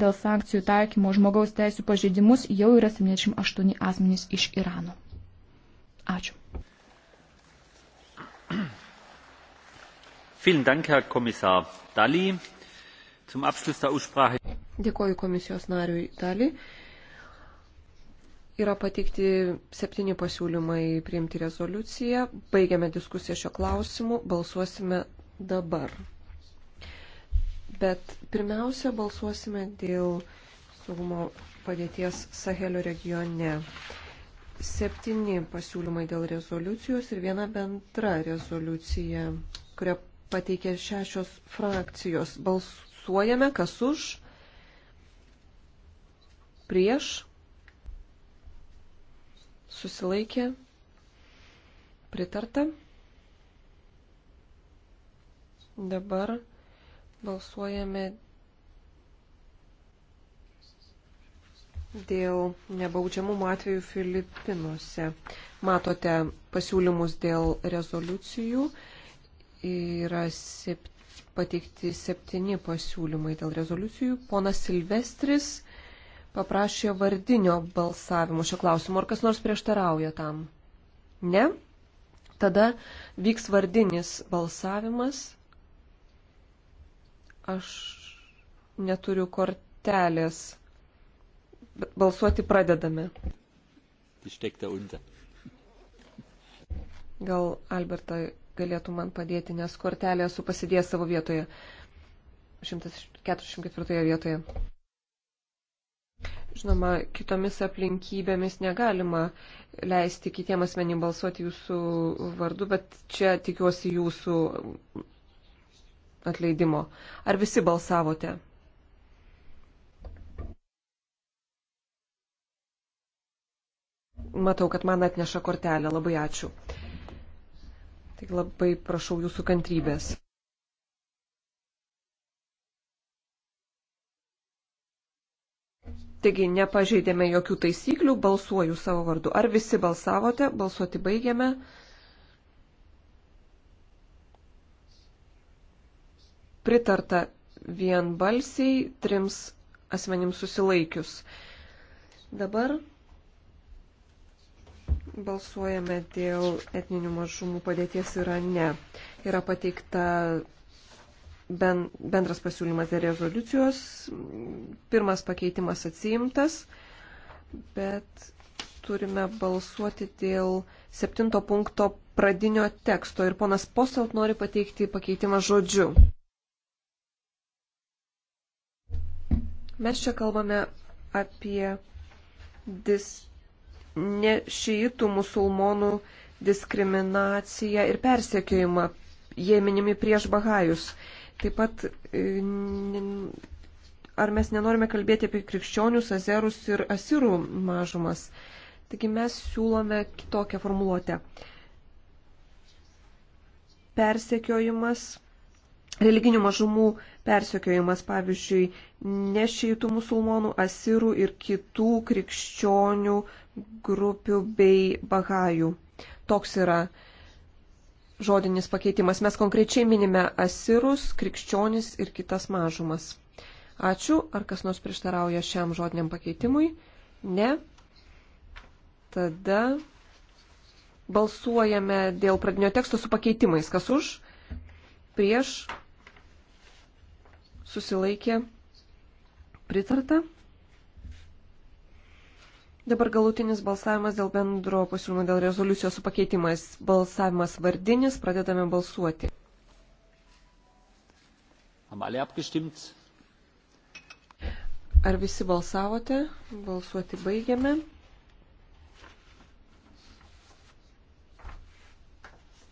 dėl sankcijų taikymo žmogaus teisų pažeidimus jau yra 78 asmenys iš Irano. Ačiū. Dank, Herr Kommissar Dali. Zum Abschluss der Aussprache. Dėkoju komisijos nariui Dali. Yra pateikti septyni pasiūlymai priimti rezoliuciją. Baigiame diskusiją šio klausimu. Balsuosime dabar. Bet pirmiausia, balsuosime dėl saugumo padėties Sahelio regione. Septyni pasiūlymai dėl rezoliucijos ir viena bendra rezoliucija, kurią pateikė šešios frakcijos. Balsuojame, kas už, prieš, susilaikė, pritarta. Dabar Balsuojame dėl nebaudžiamumo atveju Filipinuose. Matote pasiūlymus dėl rezoliucijų. Yra sep... pateikti septyni pasiūlymai dėl rezoliucijų. Ponas Silvestris paprašė vardinio balsavimo šio klausimo. Ar kas nors prieštarauja tam? Ne? Tada vyks vardinis balsavimas. Aš neturiu kortelės. Balsuoti pradedame. Gal Albertai galėtų man padėti, nes kortelė esu pasidėjęs savo vietoje. 144 vietoje. Žinoma, kitomis aplinkybėmis negalima leisti kitiems asmenim balsuoti jūsų vardu, bet čia tikiuosi jūsų atleidimo. Ar visi balsavote? Matau, kad man atneša kortelę. Labai ačiū. Tik labai prašau jūsų kantrybės. Taigi nepažeidėme jokių taisyklių, balsuoju savo vardu. Ar visi balsavote? Balsuoti baigiame. pritarta vienbalsiai trims asmenims susilaikius. Dabar balsuojame dėl etninių mažumų padėties Irane. Yra pateikta ben, bendras pasiūlymas dėl rezoliucijos. Pirmas pakeitimas atsiimtas, bet turime balsuoti dėl septinto punkto pradinio teksto ir ponas Postelt nori pateikti pakeitimą žodžiu. Mes čia kalbame apie dis, ne šiitų musulmonų diskriminaciją ir persekiojimą. Jie minimi prieš Bahajus. Taip pat, e, ar mes nenorime kalbėti apie krikščionius, azerus ir asirų mažumas? Taigi mes siūlome kitokią formuluotę. Persekiojimas religinių mažumų persekiojimas, pavyzdžiui, nešeitų musulmonų, asirų ir kitų krikščionių grupių bei bahajų. Toks yra žodinis pakeitimas. Mes konkrečiai minime asirus, krikščionis ir kitas mažumas. Ačiū. Ar kas nors prieštarauja šiam žodiniam pakeitimui? Ne. Tada balsuojame dėl pradinio teksto su pakeitimais. Kas už? Prieš susilaikė pritarta. Dabar galutinis balsavimas dėl bendro pasiūlymo dėl rezoliucijos su pakeitimais. Balsavimas vardinis, pradedame balsuoti. Ar visi balsavote? Balsuoti baigiame.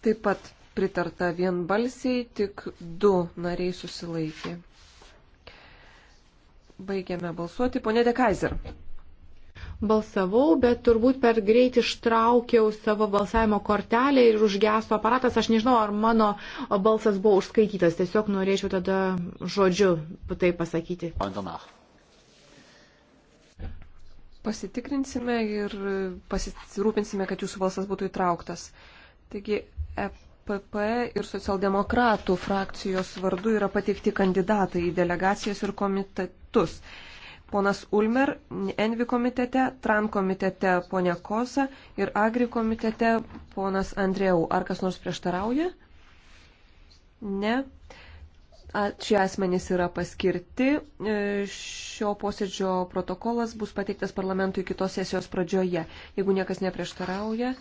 Taip pat pritarta vienbalsiai, tik du nariai susilaikė. Baigiame balsuoti. Pone De Kaiser. Balsavau, bet turbūt per greit ištraukiau savo balsavimo kortelę ir užgeso aparatas. Aš nežinau, ar mano balsas buvo užskaitytas. Tiesiog norėčiau tada žodžiu tai pasakyti. Pasitikrinsime ir pasirūpinsime, kad jūsų balsas būtų įtrauktas. Taigi, EP EPP ir socialdemokratų frakcijos vardu yra pateikti kandidatai į delegacijas ir komitetus. Ponas Ulmer, Envi komitete, Tran komitete ponia Kosa ir Agri komitete ponas Andrėjau. Ar kas nors prieštarauja? Ne. Šie asmenys yra paskirti. E, šio posėdžio protokolas bus pateiktas parlamentui kitos sesijos pradžioje. Jeigu niekas neprieštarauja.